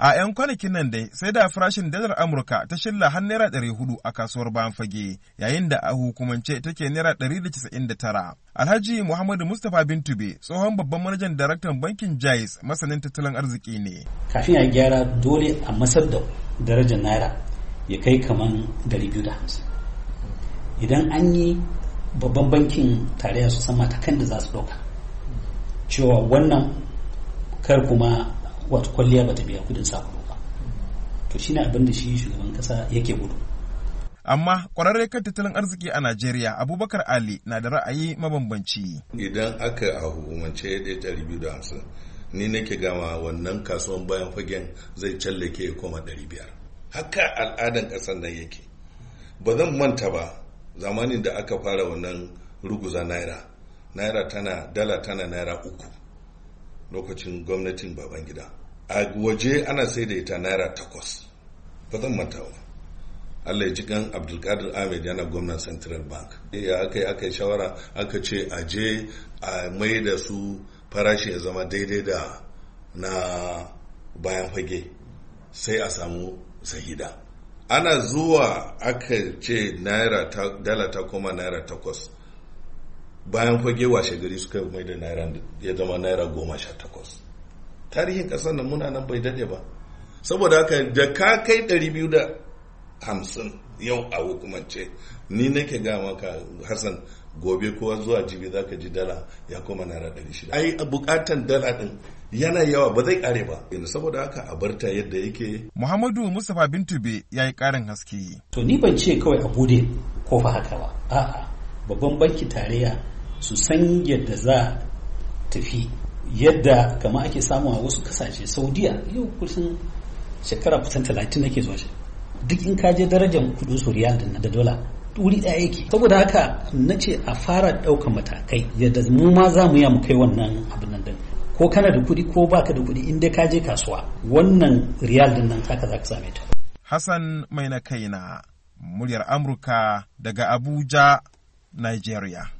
A 'yan kwanakin nan dai sai da farashin dalar Amurka ta shilla har naira ɗari hudu a kasuwar bayan fage yayin da a hukumance take naira ɗari da casa'in da tara. Alhaji Muhammadu Mustapha Bintube tsohon babban manajan daraktan bankin Jais masanin tattalin arziki ne. Kafin a gyara dole a masar da darajar naira ya kai kaman dari biyu da hamsin. Idan an yi babban bankin tarayya su ta kan da za su ɗauka. Cewa wannan kar kuma wato kwalliya bata biya kudin sabulu ba to ne abin da shi shugaban kasa yake gudu amma kwararre kan tattalin arziki a Najeriya Abubakar Ali na da ra'ayi mabambanci idan aka a hukumance hamsin, ni nake gama wannan kasuwan bayan fagen zai callake ya koma biyar. haka al'adan ƙasar nan yake ba zan manta ba zamanin da aka fara wannan ruguza naira naira tana dala tana naira uku lokacin gwamnatin babangida a waje ana sai da ita naira takwas ba zan manta ba Allah ya ji kan Abdulkadir Ahmed yana gwamnan Central Bank. Ya eh, aka yi aka shawara aka ce a je a mai da su farashi ya zama daidai da na bayan fage sai a samu sahida. Ana zuwa aka ce naira dala ta koma naira takwas bayan fage washe gari suka mai da naira ya zama naira goma sha takwas tarihin ƙasar nan muna nan bai daɗe ba saboda haka da ka kai ɗari biyu da hamsin yau a hukumance ni nake ga maka hassan gobe kowa zuwa jibi za ka ji dala ya koma naira ɗari shida ai bukatan dala ɗin yana yawa ba zai ƙare ba yanzu saboda haka a barta yadda yake muhammadu mustapha bintube ya yi ƙarin haske to ni ban ce kawai a bude ko fa haka ba a'a babban banki tarayya su san yadda za tafi yadda kama ake samu a wasu kasashe saudiya yau kusan shekara kusan talatin nake zuwa duk in kaje darajar kudin su riyal da dola wuri ɗaya yake saboda haka na ce a fara ɗaukan matakai yadda mu ma za mu kai wannan abin nan din ko kana da kuɗi ko baka da kuɗi inda ka je kasuwa wannan riyal din nan haka za ka same ta hasan mai na kaina muryar Amurka daga Abuja Nigeria